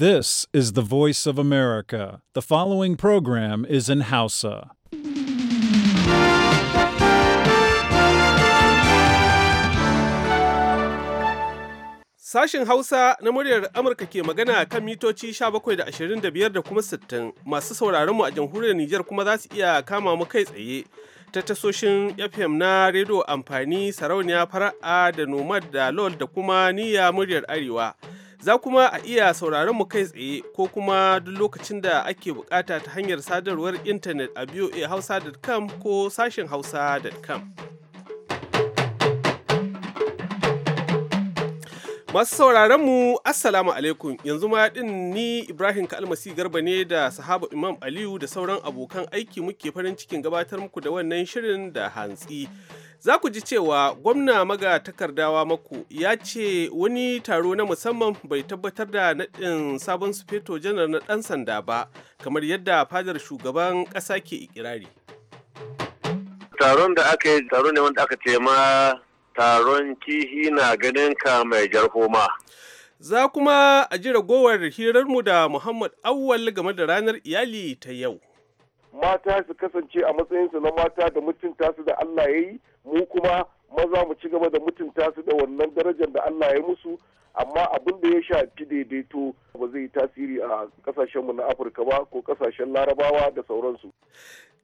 This is the voice of America. The following program is in Hausa. Sashen Hausa na muryar Amurka ke magana kan mitoci 17 da da kuma 60 masu sauraron mu a jamhuriyar Nijar kuma za su iya kama mu kai tsaye ta tasoshin FM na rediyo amfani sarauniya fara'a da nomad da lol da kuma niyya muryar Arewa. Za kuma a iya sauraron mu kai tsaye ko kuma duk lokacin da ake bukata ta hanyar sadarwar intanet a voahausa.com ko sashen hausa.com. Masu sauraron mu Assalamu alaikum yanzu ma din ni Ibrahim Kalmasi Garba ne da sahaba Imam Aliyu da sauran abokan aiki muke farin cikin gabatar muku da wannan shirin da hantsi. Za ku ji cewa gwamna maga takardawa mako ya ce wani taro na musamman bai tabbatar da naɗin sabon sufeto janar na ɗan sanda ba kamar yadda fadar shugaban ƙasa ke ikirari. Taron da aka yi taro ne wanda aka ce ma taron kihi na ganin ka mai jarhoma. Za kuma a ji ragowar hirarmu da Muhammad Awwal game da ranar iyali ta yau. Mata su kasance a matsayinsu na mata da mutunta su da Allah ya yi, mu kuma maza mu ci gaba da mutunta su da wannan darajar da Allah ya musu, amma abin da ya sha shafi daidaito ba zai tasiri a kasashenmu na Afirka ba ko kasashen Larabawa da sauransu.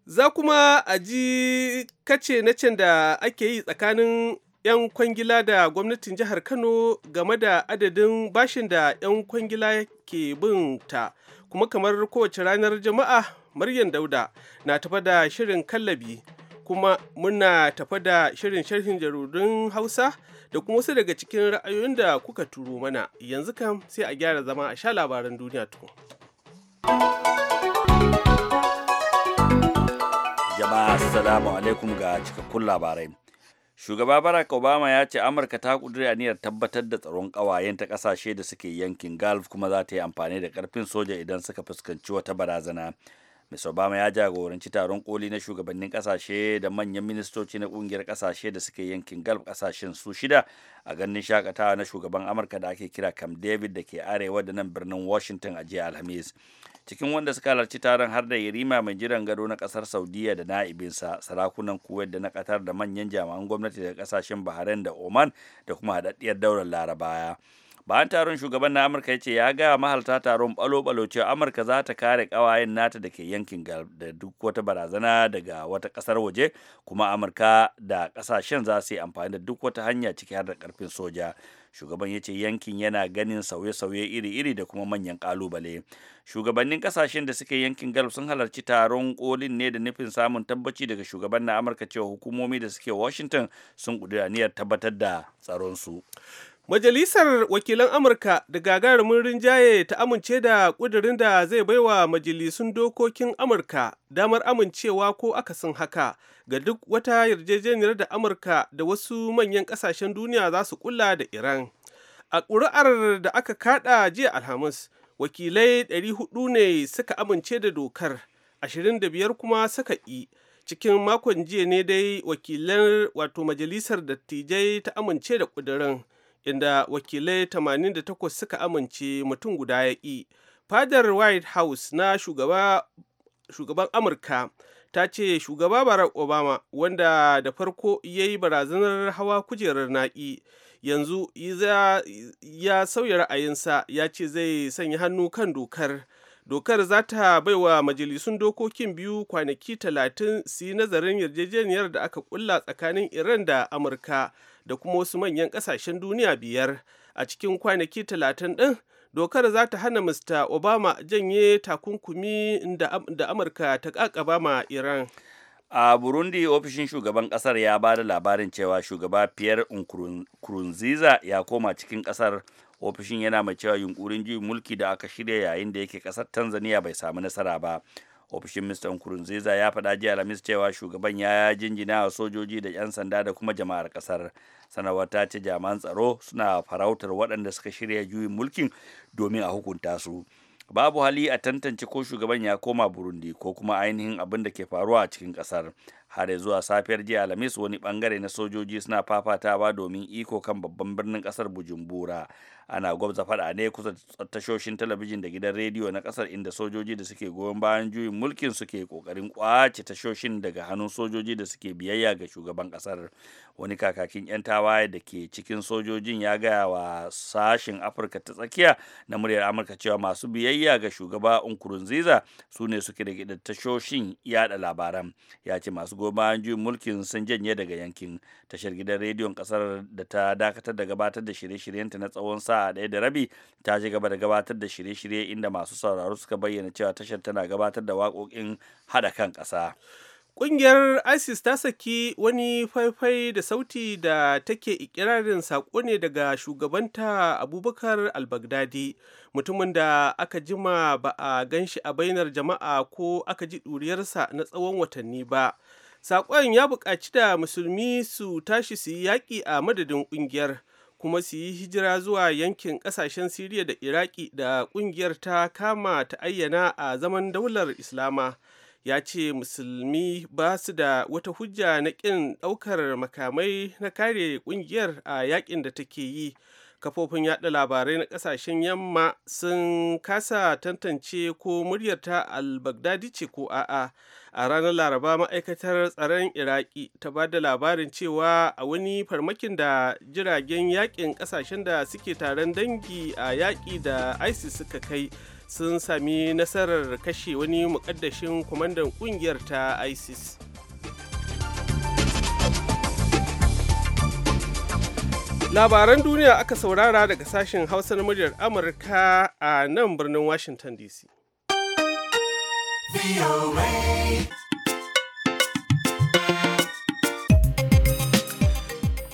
Za kuma a ji kace na can da ake yi tsakanin 'yan kwangila da gwamnatin jihar Kano game da adadin bashin da 'yan kwangila ke bin ta. Kuma kamar kowace ranar jama'a, Maryam Dauda na tafa da shirin kallabi kuma muna tafa da shirin sharhin jarudun Hausa da kuma wasu daga cikin ra'ayoyin da kuka turo mana. Yanzu kam sai a gyara zama a sha labaran duniya tukun. Jama'a, Assalamu alaikum ga cikakkun labarai. shugaba barack obama ya ce amurka ta a aniyar tabbatar da tsaron kawayen ta kasashe da suke yankin gulf kuma za ta yi amfani da karfin soja idan suka fuskanci wata barazana Mr. Obama ya jagoranci taron koli na shugabannin kasashe da manyan ministoci na kungiyar kasashe da suke yankin galb kasashen su shida a ganin shakatawa na shugaban Amurka da ake kira Camp David da ke arewa da nan birnin Washington a jiya Alhamis. Cikin wanda suka halarci taron har da Yarima mai jiran gado na kasar Saudiya da na'ibinsa, sarakunan Kuwait da na Qatar da manyan jami'an gwamnati daga kasashen Bahrain da Oman da kuma haɗaɗɗiyar daular Larabaya. bayan taron shugaban na amurka ya ce ya gaya mahalarta taron balo-balo cewa amurka za ta kare kawayen nata da ke yankin da duk wata barazana daga wata kasar waje kuma amurka da kasashen za su yi amfani da duk wata hanya ciki har da karfin soja shugaban ya ce yankin yana ganin sauye-sauye iri-iri da kuma manyan kalubale shugabannin kasashen da suke yankin galf sun halarci taron kolin ne da nufin samun tabbaci daga shugaban na amurka cewa hukumomi da suke washington sun kudura niyyar tabbatar da tsaronsu Majalisar Wakilan Amurka da gagarumin rinjaye ta amince da ƙudurin da zai baiwa majalisun dokokin Amurka damar amincewa ko akasin haka ga duk wata yarjejeniyar da Amurka da wasu manyan ƙasashen duniya za su kula da Iran. A ƙuri'ar da aka kaɗa jiya Alhamis, wakilai 400 ne suka amince da dokar, 25 kuma suka ƙi. Cikin makon jiya ne dai wakilan wato majalisar dattijai ta amince da ƙudurin. inda wakilai 88 suka amince mutum guda ya ƙi fadar white house na shugaban amurka ta ce shugaba barack obama wanda da farko ya yi barazanar hawa kujerar naƙi yanzu ya sauya ra'ayinsa ya ce zai sanya hannu kan dokar dokar za ta baiwa majalisun dokokin biyu kwanaki talatin su yi nazarin yarjejeniyar da aka kulla tsakanin iran da amurka da kuma wasu manyan kasashen duniya biyar a cikin kwanaki talatin ɗin dokar za ta hana mr obama janye takunkumi da amurka ta ƙaƙaba ma iran a burundi ofishin shugaban kasar ya ba da labarin cewa shugaba pierre nkurunziza ya koma cikin kasar ofishin yana mai cewa yunkurin juyin mulki da aka shirya yayin da yake kasar tanzania bai samu nasara ba ofishin mr nkurunziza ya faɗa jiya alhamis cewa shugaban ya jinjina a sojoji da 'yan sanda da kuma jama'ar ƙasar sanarwar ta ce jami'an tsaro suna farautar waɗanda suka shirya juyin mulkin domin a hukunta su babu hali a tantance ko shugaban ya koma burundi ko kuma ainihin abin da ke faruwa a cikin ƙasar har zuwa safiyar jiya alhamis wani bangare na sojoji suna fafatawa domin iko kan babban birnin kasar bujumbura ana gwabza fada ne kusa tashoshin talabijin da gidan rediyo na kasar inda sojoji da suke goyon bayan juyin mulkin suke kokarin kwace tashoshin daga hannun sojoji da suke biyayya ga shugaban kasar wani kakakin yan tawaye da ke cikin sojojin ya gaya wa sashen afirka ta tsakiya na muryar amurka cewa masu biyayya ga shugaba nkurunziza su ne suke da tashoshin yada labaran ya ce masu goma bayan juyin mulkin sun janye daga yankin tashar gidan rediyon kasar da ta dakatar da gabatar da shirye-shiryenta na tsawon sa'a ɗaya da rabi ta ci gaba da gabatar da shirye-shirye inda masu sauraro suka bayyana cewa tashar tana gabatar da waƙoƙin haɗa kan ƙasa. Ƙungiyar ISIS ta saki wani faifai da sauti da take ikirarin saƙo ne daga shugabanta Abubakar albagdadi mutumin da aka jima ba a ganshi a bainar jama'a ko aka ji ɗuriyarsa na tsawon watanni ba. Saƙon ya buƙaci da musulmi su tashi su yi yaƙi a madadin ƙungiyar kuma su yi hijira zuwa yankin ƙasashen Siriya da Iraki da ƙungiyar ta kama ta ayyana a zaman daular Islama. Ya ce musulmi ba su da wata hujja na ƙin ɗaukar makamai na kare ƙungiyar a yaƙin da take yi. kafofin yaɗa labarai na ƙasashen yamma sun kasa tantance ko muryar ta al-baghdadi ce ko a'a a ranar laraba ma'aikatar tsaron iraki ta ba da labarin cewa a wani farmakin da jiragen yakin ƙasashen da suke taron dangi a yaƙi da isis suka kai sun sami nasarar kashe wani muƙaddashin kwamandan ƙungiyar ta isis Labaran duniya aka saurara daga sashen Hausa na muryar Amurka a nan birnin Washington DC.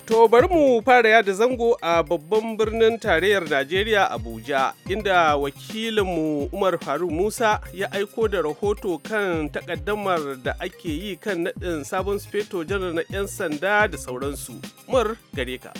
To bari mu fara yada zango a babban birnin tarayyar Najeriya Abuja inda wakilinmu Umar Faru Musa ya aiko da rahoto kan takaddamar da ake yi kan naɗin sabon speto janar na 'yan sanda da sauransu. Umar gare ka.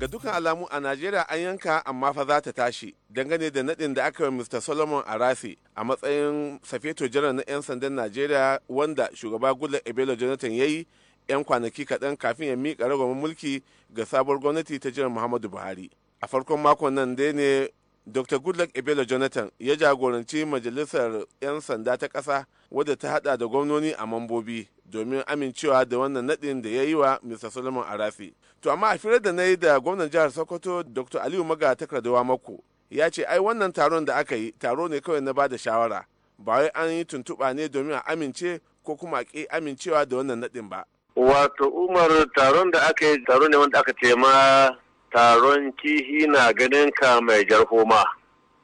ga dukkan alamu a najeriya an yanka amma fa za ta tashi dangane da nadin da aka yi mr solomon arasi a matsayin safeto jiran na 'yan sandan najeriya wanda shugaba gula ebelo jonathan ya yi 'yan kwanaki kaɗan kafin ya miƙa ragwamin mulki ga sabuwar gwamnati ta jiran muhammadu buhari a farkon makon nan dai ne dr goodluck ebele jonathan ya jagoranci majalisar 'yan sanda ta ƙasa wadda ta hada da gwamnoni a mambobi domin amincewa da wannan nadin da ya yi wa mr solomon arafi to amma a firar da na yi da gwamnan jihar sokoto dr aliyu maga takardawa mako ya ce ai wannan taron da aka yi taro ne kawai na bada shawara ba wai an yi tuntuɓa ne domin a amince ko kuma a ƙi amincewa da wannan nadin ba wato umar taron da aka yi taro ne wanda aka ce ma taron kihi na ganin ka mai jarhoma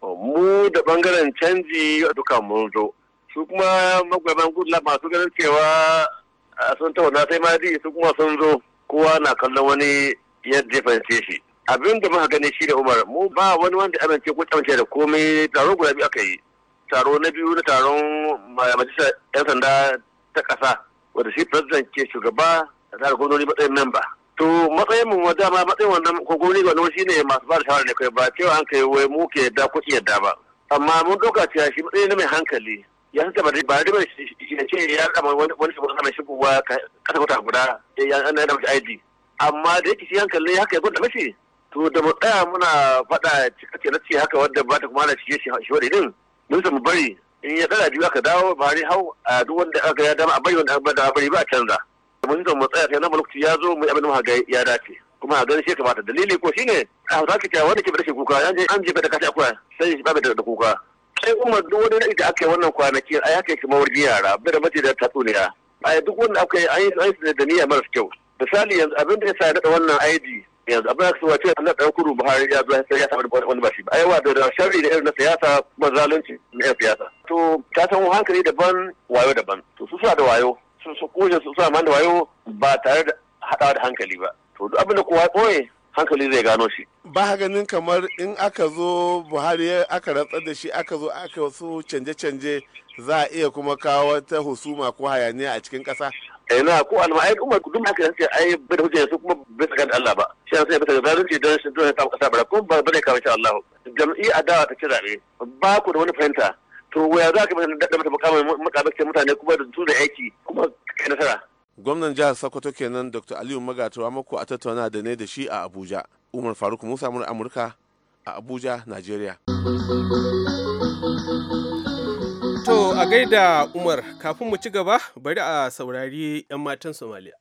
mu da bangaren canji duka mun zo su kuma magwaban gudula masu ganin cewa sun tauna sai madi su kuma sun zo kowa na kallon wani yadda fahimce shi abin da muka gani shi da umar mu ba wani wanda amince ko amince da komai taro guda biyu aka yi taro na biyu na taron majalisar yan sanda ta ƙasa wanda shi president ke shugaba da gwamnoni matsayin memba to matsayin mu dama matsayin wannan kogoni ga wani ne masu ba da shawara ne kai ba cewa an kai wai mu ke da kuɗi yadda ba amma mun doka cewa shi matsayin mai hankali ya san ba ba da ya ce ya kama wani wani shi kana shi kuwa kasa kwata guda ya an da mashi ID amma da yake shi hankali haka ya gwada mashi to da mu tsaya muna faɗa cikakke na ce haka wadda ba ta kuma na cike shi wani din mun mu bari in ya tsara biyu aka dawo bari hau a duk wanda aka ya dama a bari wanda aka bari ba a canza. kamar yadda mu tsaya sai na lokaci ya zo mu abin da muka ya dace kuma a ganin shi kamata dalili ko shine a hausa ke cewa wanda ke da kuka an je an je da kashi akwai sai shi bada da kuka sai umar duk wani da aka yi wannan kwanaki a yaka yake mawar yara bai da mace da ta tatsuniya a duk wanda aka yi an yi da niyya maras kyau misali yanzu abin da ya sa daɗa wannan id yanzu abin da suka wace an ɗan kuru buhari ya zo sai ya samu wani ba shi ba aiwa da sharri da irin na siyasa kuma zalunci na yan siyasa to ta san hankali daban wayo daban to su suna da wayo sun su kushe su sa da wayo ba tare da haɗawa da hankali ba to duk abin da kowa ɓoye hankali zai gano shi ba ganin kamar in aka zo buhari aka rantsar da shi aka zo aka wasu canje-canje za a iya kuma kawo ta husuma ko hayaniya a cikin ƙasa ina eh, ko ai kuma duk haka yanzu ai bai da hujja su kuma bai tsaka da Allah ba shi sai bai da ce don shi don ta kasa bara kuma ba zai kawo insha Allah jam'i adawa ta ci zabe ba ku da wani fahimta to waya za ka daɗa mata mukamin mukamin mutane kuma da su da aiki kuma kai nasara. gwamnan jihar sokoto kenan dr aliyu magatura muku a tattauna da ne da shi a abuja umar faruk musa mura amurka a abuja najeriya. to a gaida umar kafin mu ci gaba bari a saurari 'yan matan somaliya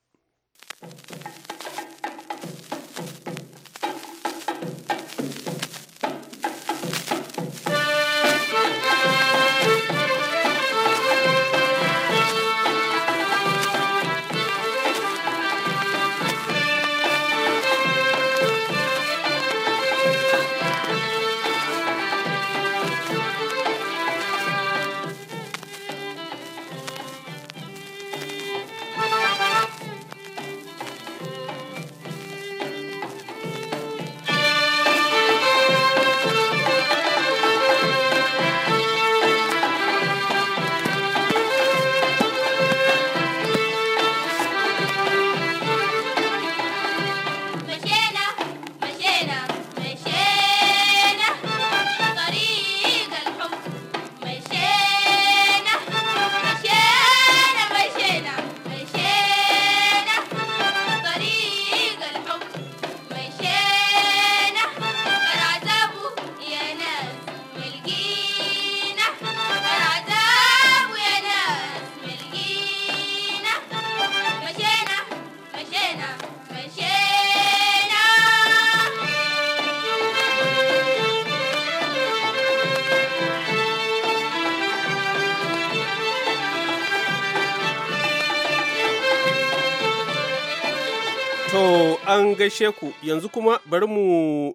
gaishe ku yanzu kuma bari mu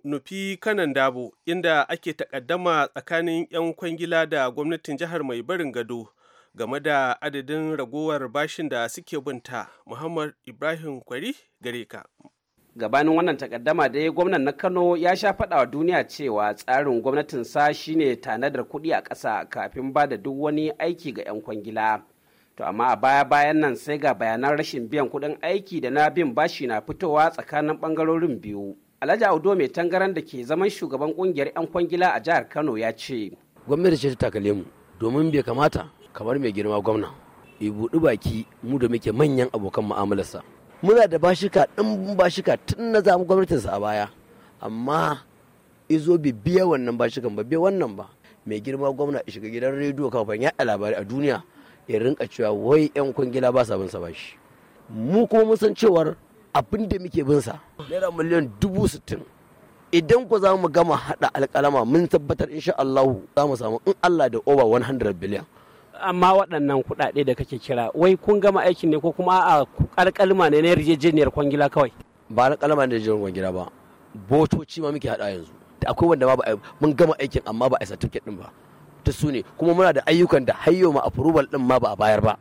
nufi kanan dabo inda ake takaddama tsakanin 'yan kwangila da gwamnatin jihar mai barin gado game da adadin ragowar bashin da suke binta muhammad ibrahim kwari gare ka gabanin wannan takaddama dai gwamnan na kano ya sha faɗa wa duniya cewa tsarin gwamnatinsa shine tanadar kuɗi a ƙasa kafin ba da duk wani aiki ga 'yan kwangila To amma a baya-bayan nan sai ga bayanan rashin biyan kuɗin aiki da na bin bashi na fitowa tsakanin ɓangarorin biyu. Alhaji Audo mai tangaran da ke zaman shugaban kungiyar 'yan kwangila a jihar Kano ya ce. Gwamnati ce ta takale mu domin bai kamata kamar mai girma gwamna. Ibuɗi baki mu da muke manyan abokan mu'amalarsa. Muna da bashika ɗin bashika tun na zamu gwamnatinsa a baya. Amma izo bi biya wannan bashikan ba biya wannan ba. Mai girma gwamna shiga gidan rediyo kafin yaɗa labarai a duniya. ya rinka cewa wai 'yan kwangila ba sa bin sa bashi mu kuma mun san cewar abin da muke bin sa naira miliyan dubu sittin idan ku za mu gama hada alkalama mun tabbatar insha Allahu za mu samu in Allah da over 100 biliyan amma waɗannan kuɗaɗe da kake kira wai kun gama aikin ne ko kuma a alkalma ne na yarjejeniyar kwangila kawai ba alƙalama ne yarjejeniyar kwangila ba botoci ma muke hada yanzu akwai wanda ba mun gama aikin amma ba a certificate din ba ta su ne kuma muna da ayyukan da hayyo ma approval din ma ba a bayar ba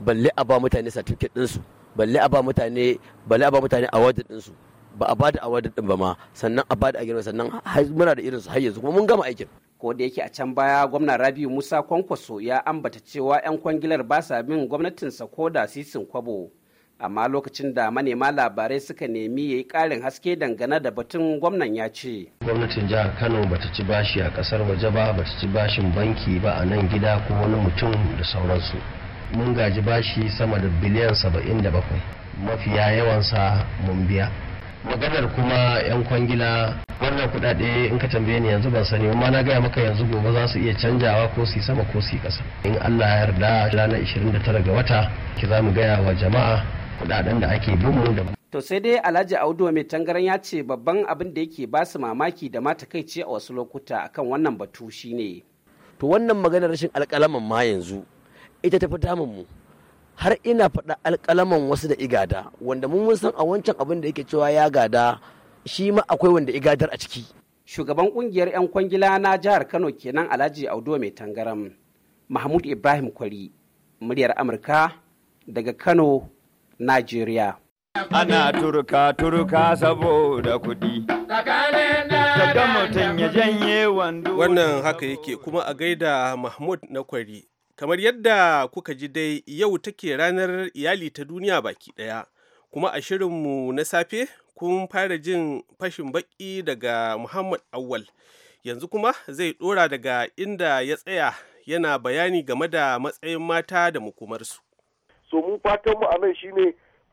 balle a ba mutane certificate din su balle a ba mutane balle a ba mutane award din su ba a ba da award din ba ma sannan a ba da girma sannan muna da irin su har yanzu kuma mun gama aikin ko da yake a can baya gwamna Rabiu Musa Kwankwaso ya ambata cewa 'yan kwangilar ba sa bin gwamnatinsa ko da sisin kwabo amma lokacin da manema labarai suka nemi ya yi ƙarin haske dangane da batun gwamnan ya ce gwamnatin jihar kano ba ta ci bashi a kasar waje ba ba ta ci bashin banki ba a nan gida ko wani mutum da sauransu mun gaji bashi sama da biliyan saba'in da bakwai mafiya yawansa mun biya maganar kuma yan kwangila wannan kudade in ka tambaye ni yanzu ban sani amma na gaya maka yanzu gobe za su iya canjawa ko su sama ko su kasa in allah ya yarda ranar 29 ga wata ki za mu gaya wa jama'a kudaden da ake bin da To sai dai Alhaji Audu mai tangaran ya ce babban abin da yake ba su mamaki da ma ce a wasu lokuta akan wannan batu shine. To wannan maganar rashin alƙalaman ma yanzu ita ta fi damun mu. Har ina faɗa alƙalaman wasu da igada wanda mun san a wancan abin da yake cewa ya gada shi ma akwai wanda igadar a ciki. Shugaban ƙungiyar 'yan kwangila na jihar Kano kenan Alhaji Audu mai tangaran Mahmud Ibrahim Kwari, muryar Amurka daga Kano, Najeriya. Ana turka turka saboda kuɗi. Wannan haka yake kuma a gaida Mahmud na kwari. Kamar yadda kuka ji dai yau take ranar iyali ta duniya baki ɗaya. Kuma a shirinmu na safe kun fara jin fashin baki daga Muhammad Awal. Yanzu kuma zai ɗora daga inda ya tsaya yana bayani game da matsayin mata da mukumarsu. to mu fatan mu a nan shine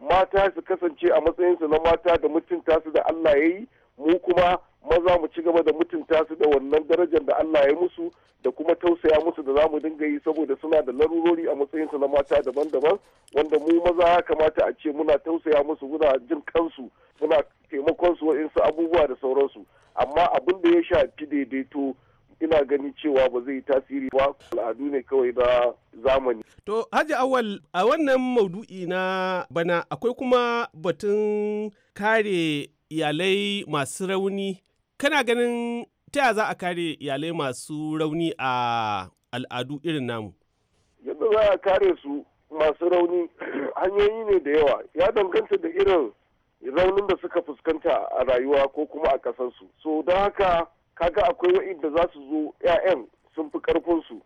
mata su kasance a matsayinsu na mata da mutunta su da Allah ya yi mu kuma maza mu ci gaba da mutunta su da wannan darajar da Allah ya musu da kuma tausaya musu da za mu dinga yi saboda suna da larurori a matsayinsu na mata daban-daban wanda mu maza ya kamata a ce muna tausaya musu muna jin kansu muna taimakon su waɗansu abubuwa da sauransu amma abin da ya shafi daidaito ina gani cewa ba zai yi tasiri ba al'adu ne kawai na zamani. To Hajji Awal a wannan maudu'i na bana akwai kuma batun kare iyalai masu rauni kana ganin ta za a kare iyalai masu rauni a al'adu irin namu? Yadda za a kare su masu rauni hanyoyi ne da yawa ya danganta da irin raunin da suka fuskanta a rayuwa ko kuma a kasansu. So don haka kaga akwai wa'inda za su zo 'ya'yan sun fi karfinsu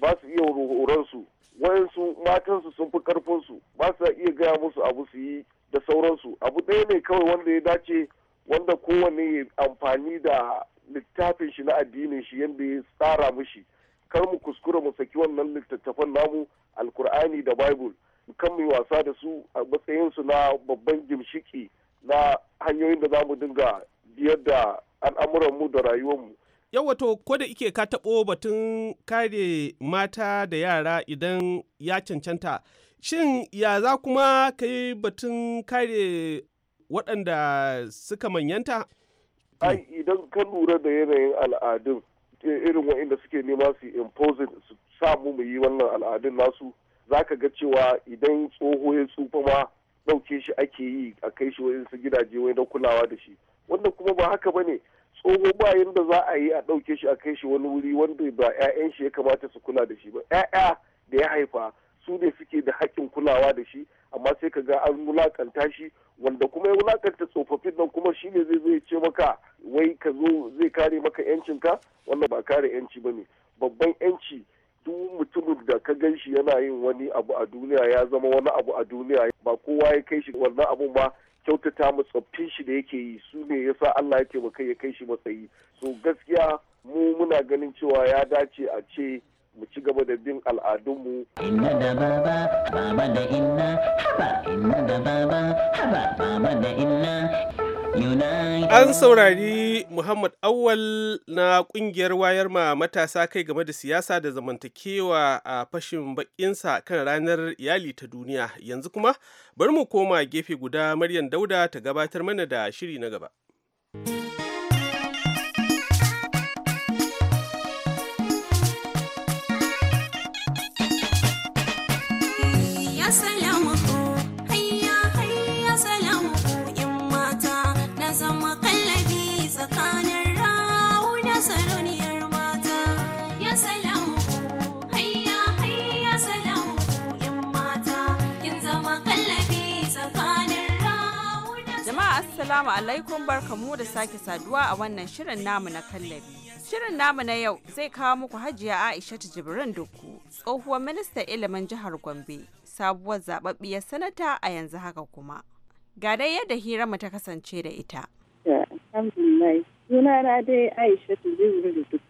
ba su iya horonsu wayansu matansu sun fi karfinsu ba su iya gaya musu abu su yi da sauransu abu ɗaya ne kawai wanda ya dace wanda kowane ya amfani da littafin shi na addinin shi yadda ya tsara mushi kar mu kuskura mu saki wannan littattafan namu alkur'ani da bible kan mu wasa da su a matsayinsu na babban gimshiki na hanyoyin da za mu dinga biyar da al'amuran mu da rayuwarmu. mu. to, ko da ike ka taɓo batun kare mata da yara idan ya cancanta, shin ya za kuma ka yi batun kare waɗanda suka manyanta? Ai, idan ka lura da yanayin al'adun, eh, irin waɗanda suke nema su imposing su samu mu yi wannan al'adun nasu, za ka ga cewa idan tsoho ya tsufa ma ɗauke shi ake yi a kai shi waɗansu gidaje wai na kulawa da shi. wanda kuma ba haka bane tsoho bayan da za a yi a ɗauke shi a kai shi wani wuri wanda ba 'ya'yan shi ya kamata su kula da shi ba 'ya'ya da ya haifa su ne suke da haƙƙin kulawa da shi amma sai ka ga an wulakanta shi wanda kuma ya wulakanta tsofaffin nan kuma shi ne zai zai ce maka wai ka zo zai kare maka ka wannan ba kare yanci ba ne babban yanci duk mutumin da ka gan shi yana yin wani abu a duniya ya zama wani abu a duniya ba kowa ya kai shi wannan abun ba kyautata mu tsoffin shi da yake yi su ne sa Allah ya taimaka ya kai shi matsayi so gaskiya mu muna ganin cewa ya dace a ce mu ci gaba da bin al'adunmu. Inna da baba, baba da inna, haba, inna da baba, haba, baba da inna. An saurari Muhammad Awal na kungiyar wayar ma matasa kai game da siyasa da zamantakewa a fashin bakinsa kan ranar iyali ta duniya. Yanzu kuma bari mu koma gefe guda Maryam Dauda ta gabatar mana da shiri na gaba. Ya Assalamu alaikum barkamu da sake saduwa a wannan shirin namu na kallabi. Shirin namu na yau zai kawo muku hajiya Aishatu Jibrin Dukku, tsohuwar minista ilimin jihar Gombe, sabuwar zababbiyar sanata a yanzu haka kuma. Ga dai yadda hira mu ta kasance da ita. Alhamdulillah, dai Aishatu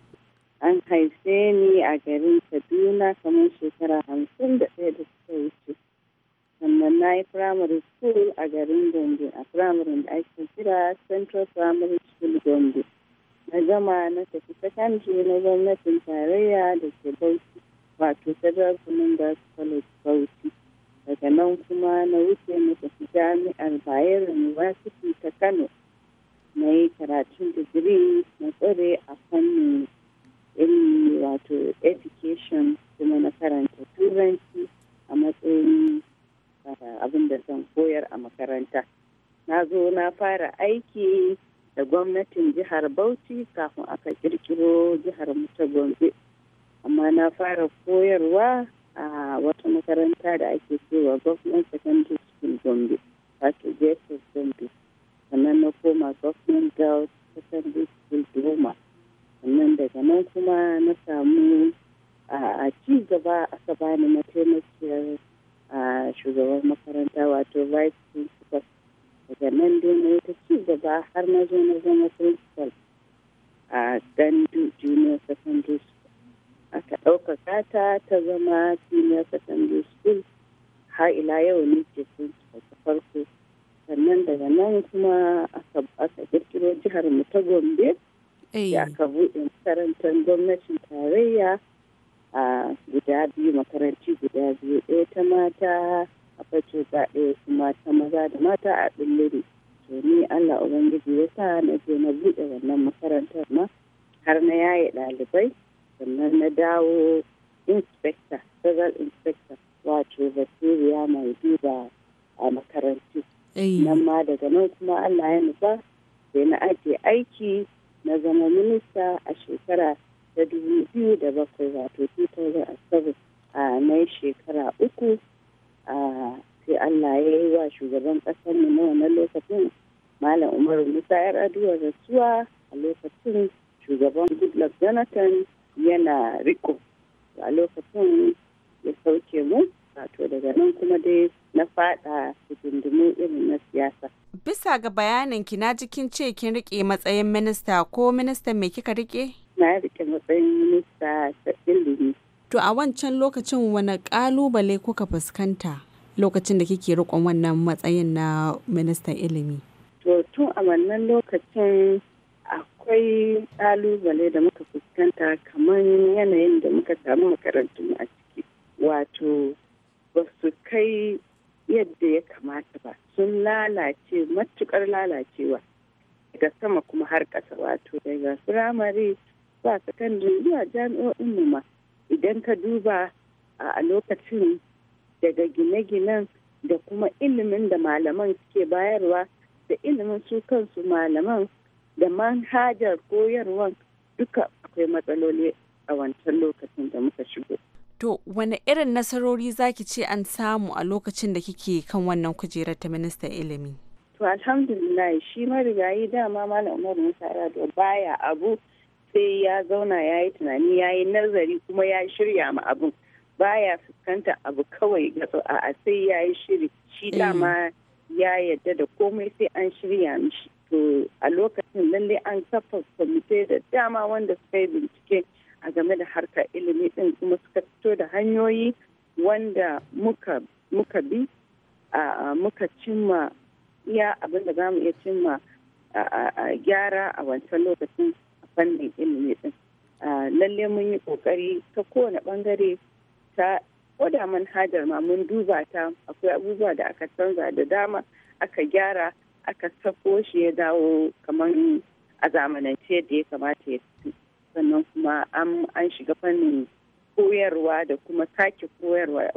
An haife ni a garin Kaduna kamar shekara hamsin da ɗaya da suka wuce. sannan na yi primary school a garin gombe a primary da ake kira central primary school gombe na gama na tafi secondary na gwamnatin tarayya da ke bauchi wato federal commander's college bauchi daga nan kuma na wuce na tafi jami'ar bayero university ta kano na yi karatun digiri na tsare a fannin ilmi wato education kuma na karanta turanci a matsayin abin da zan koyar a makaranta na zo na fara aiki da gwamnatin jihar bauchi kafin aka kirkiro jihar ta gombe amma na fara koyarwa a wata makaranta da ake cewa government secondary school gombe wato jesus gombe sannan na koma government girls secondary school doma sannan daga nan kuma na samu a ci gaba aka bani mataimakiyar a shugaban makaranta wato vice principal daga nan dai na ta ci gaba har na zo na zama principal a gandu junior secondary school aka ɗaukaka ta ta zama senior secondary school har ila yau ne ke principal ta farko sannan daga nan kuma aka kirkiro jihar mu ta gombe da aka buɗe makarantar gwamnatin tarayya a guda biyu makaranci guda biyu ɗaya ta mata a facoka ɗaya kuma ta maza da mata a ɓilliri to ni allah ubangiji ya sa na je na buɗe wannan makarantar ma har na yaye ɗalibai sannan na dawo inspector federal inspector wato bacteria mai duba a makarantu nan ma daga nan kuma allah ya nufa sai na ajiye aiki na zama minista a shekara ta dubu biyu da bakwai wato 2007 a na shekara uku a sai Allah ya yi wa shugaban ƙasar mu na wannan lokacin Malam Umaru Musa yar aduwa rasuwa a lokacin shugaban Goodluck Jonathan yana riko a lokacin ya sauke mu wato daga nan kuma dai na fada hidindimu irin na siyasa. Bisa ga bayanin ki na jikin ce kin rike matsayin minista ko ministan me kika rike? na rike matsayin minista ta ilimi. To a wancan lokacin wani kalubale kuka fuskanta lokacin da kike rikon wannan matsayin na ministan ilimi? To tun a wannan lokacin akwai kalubale da muka fuskanta kamar yanayin da muka samu makarantu a ciki. Wato ba su kai yadda ya kamata ba sun lalace matukar lalacewa daga sama kuma har ƙasa wato daga firamare zuwa sakandare zuwa jami'o'in mu ma idan ka duba a lokacin daga gine-ginen da kuma ilimin da malaman suke bayarwa da ilimin su kansu malaman da manhajar koyarwan duka akwai matsaloli a wancan lokacin da muka shigo. To, wane irin nasarori zaki ce an samu a lokacin da kike kan wannan kujerar ta ministan ilimi? To, alhamdulillah shi marigayi dama malamar Umar Musa Yado baya abu sai ya zauna ya yi tunani ya yi nazari kuma ya shirya ma abin baya fuskanta abu kawai ga a sai ya yi shiri shi mm. dama ya yadda da komai sai an shirya mishi to a lokacin lalle an kafa kwamite da dama wanda suka yi bincike a game da harkar ilimi din kuma suka fito da hanyoyi wanda muka muka bi muka cimma iya abin da za mu iya cimma a gyara a wancan lokacin fannin ilimi din lalle mun yi kokari ta kowane bangare ta koda manhajar ma mun duba ta akwai abubuwa da aka canza da dama aka gyara aka sako shi ya dawo kamar a zamanance da ya kamata ya fito sannan kuma an shiga fannin koyarwa da kuma sake koyarwa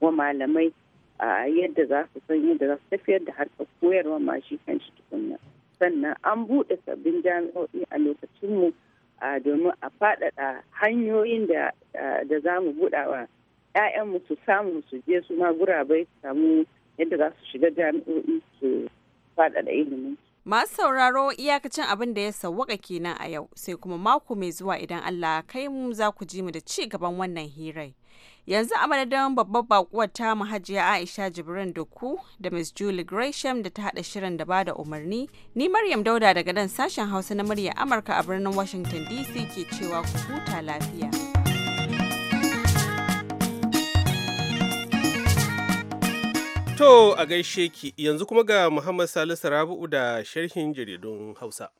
wa malamai yadda za su san yadda za su tafiyar da harkar koyarwa ma shi kan shi tukunna. sannan an buɗe sabbin jami'o'i a lokacinmu domin a faɗaɗa hanyoyin da za mu buɗa wa 'ya'yanmu su samu su je su ma gurabai su samu yadda za su shiga jami'o'i su faɗaɗa ilimin Masu sauraro iyakacin abin da ya sawwaka kenan a yau sai kuma mako mai zuwa idan Allah kai mu za ku ji mu da ci gaban wannan hirai. Yanzu a madadin babbar bakuwar ta hajiya Aisha Jibrin da ku da Miss Julie Gresham da ta haɗa shirin da bada umarni, ni Maryam Dauda daga nan sashen Hausa na murya Amurka a birnin Washington DC ke cewa ku huta lafiya. To a gaishe ki yanzu kuma ga Muhammad Salisu Rabu'u da sharhin jaridun Hausa.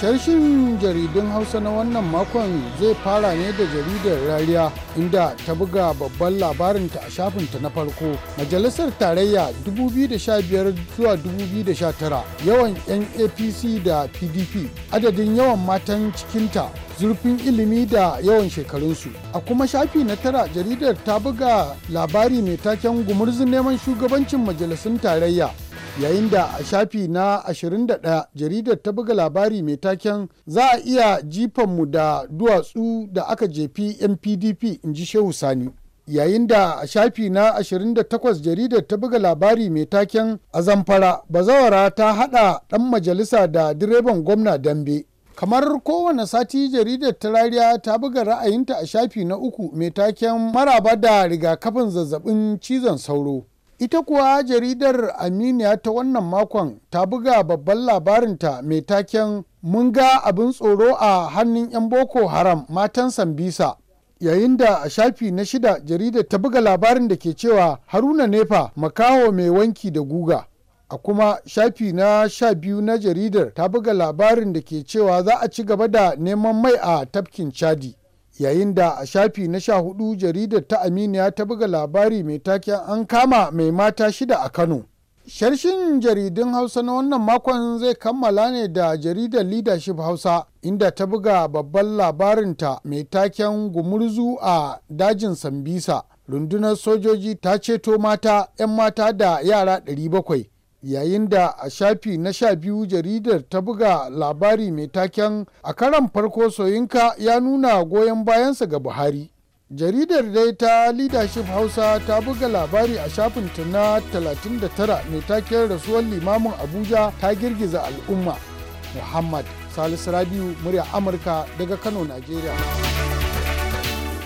Sharshin jaridun Hausa na wannan makon zai fara ne da jaridar Rariya inda ta buga babban labarinta a shafinta na farko. Majalisar Tarayya 2015 zuwa 2019 yawan 'yan APC da PDP adadin yawan matan cikinta zurfin ilimi da yawan shekarunsu a kuma shafi na tara jaridar ta buga labari mai taken gumurzun neman shugabancin majalisun tarayya yayin da a shafi na 21 jaridar ta buga labari mai taken za a iya jifanmu da duwatsu da aka jefi mpdp in ji shehu sani yayin da a shafi na 28 jaridar ta buga labari mai taken a zamfara bazawara ta hada dan majalisa da direban gwamna dambe kamar kowane sati jaridar tarariya ta buga ra'ayinta a shafi na uku mai taken maraba da rigakafin zazzabin cizon sauro ita kuwa jaridar aminiya ta wannan makon ta buga babban labarinta mai taken mun ga abin tsoro a hannun 'yan boko haram matan sambisa yayin da a shafi na shida jaridar ta buga labarin da ke cewa haruna nefa makaho mai wanki da guga a kuma shafi na sha biyu na jaridar ta buga labarin da ke cewa za a ci gaba da neman mai a tafkin chadi yayin da a shafi na sha hudu jaridar ta aminiya ta buga labari mai taken an kama mai mata shida a kano sharshin jaridun hausa na wannan makon zai kammala ne da jaridar leadership hausa inda ta buga babban labarinta mai taken gumurzu a dajin sambisa rundunar sojoji ta ceto mata 'yan mata da yara 700 yayin da a shafi na sha biyu jaridar ta buga labari mai taken a karan farko soyinka ya nuna goyon bayansa ga buhari jaridar dai ta leadership hausa ta buga labari a shafinta na 39 mai taken rasuwar limamin abuja ta girgiza al'umma muhammad salisu rabiu murya amurka daga kano nigeria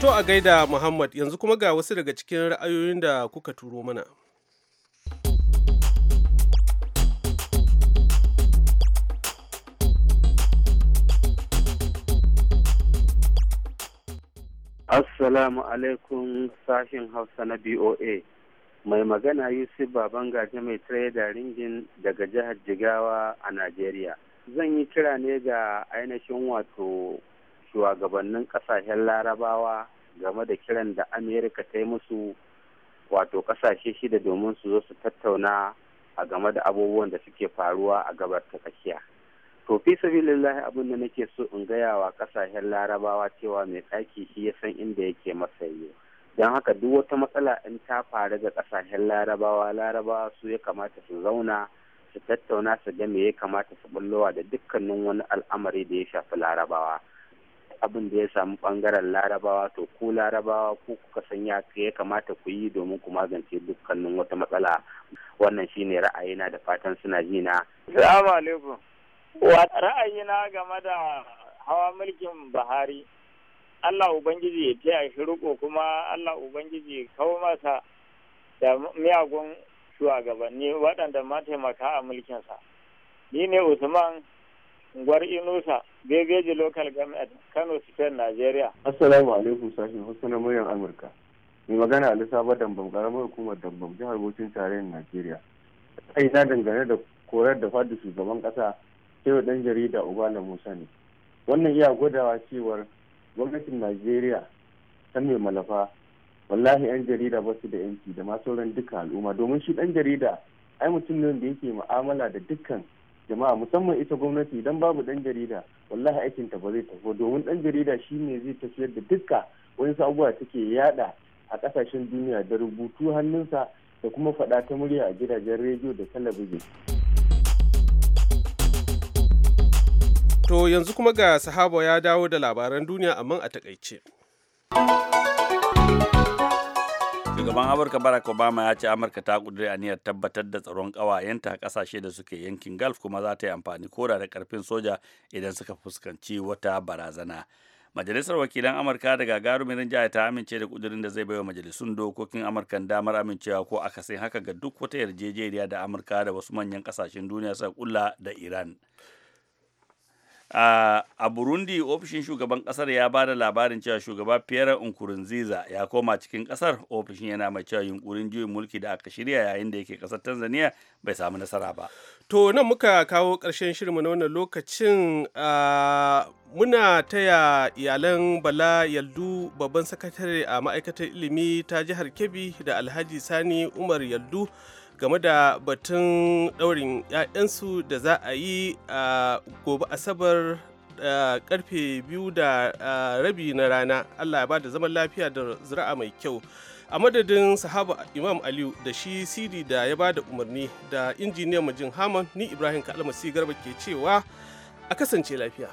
to a gaida muhammad yanzu kuma ga wasu daga cikin ra'ayoyin da kuka turo mana Assalamu alaikum sashen Hausa na BOA. Mai magana Yusuf Baban Gaje mai da ringin daga jihar Jigawa a Najeriya. Zan yi kira ne ga ainihin wato shugabannin kasashen larabawa game da kiran da Amerika ta yi musu wato kasashe shida domin su zo su tattauna a game da abubuwan da suke faruwa a gabar ta tsakiya. to fi sabilillahi abin da nake so in gaya wa kasashen larabawa cewa mai tsaki shi ya san inda yake masa yi. don haka duk wata matsala in ta faru ga kasashen larabawa larabawa su ya kamata su zauna su tattauna su ga me ya kamata su bullowa da dukkanin wani al'amari da ya shafi larabawa abin da ya samu bangaren larabawa to ku larabawa ko kuka san ya kamata ku yi domin ku magance dukkanin wata matsala wannan shine ra'ayina da fatan suna jina. Salamu alaikum. Ra'ayina game da hawa mulkin Buhari, Allah Ubangiji ya taya shi riko kuma Allah Ubangiji kawo masa da miyagun shugabanni waɗanda mataimaka a mulkinsa. Ni ne Usman Gwar Inusa, Bebeji Local Government, Kano State, Nigeria. Assalamu alaikum sashen Hausa na muryar Amurka. Mai magana Ali Sabo Dambam, ƙaramar hukumar Dambam, jihar Bauchin tarayyar Najeriya. Ina dangane da korar da fadi shugaban ƙasa shehu dan jarida ubala musa ne wannan iya gwadawa cewar gwamnatin najeriya ta mai malafa wallahi yan jarida ba su da yanci da ma sauran duka al'umma domin shi dan jarida ai mutum ne da yake mu'amala da dukkan jama'a musamman ita gwamnati idan babu dan jarida wallahi aikin aikinta ba zai tafi domin dan jarida shi ne zai tafiyar da dukka wani abubuwa take yada a kasashen duniya da rubutu hannunsa da kuma faɗa ta murya a gidajen rediyo da talabijin. To yanzu kuma ga sahaba ya dawo da labaran duniya amma a takaice. Shugaban Amurka Barack Obama ya ce Amurka ta a aniyar tabbatar da tsaron ƙawayenta a kasashe da suke yankin Gulf kuma za ta yi amfani koda da karfin soja idan suka fuskanci wata barazana. Majalisar Wakilan Amurka da gagarumin rinjaya ta amince da kudirin da zai baiwa majalisun dokokin Amurka damar amincewa ko akasin haka ga duk wata yarjejeniya da Amurka da wasu manyan kasashen duniya suka kulla da Iran. a burundi ofishin shugaban kasar ya ba da labarin cewa shugaba pierre nkurunziza ya koma cikin kasar ofishin yana mai cewa yunkurin juyin mulki da aka shirya yayin da yake kasar tanzania bai samu nasara ba to nan muka kawo ƙarshen shirinmu na wannan lokacin uh, muna taya iyalan bala yaldu babban sakatare a ma'aikatar ilimi ta jihar kebbi da alhaji sani umar yaldu game da batun ɗaurin 'ya'yansu da za a yi a gobe asabar karfe biyu da rabi na rana allah ya ba da zaman lafiya da zira'a mai kyau a madadin sahaba imam aliyu da shi sidi da ya ba da umarni da injiniyan majin haman ni ibrahim kalmasi garba ke cewa a kasance lafiya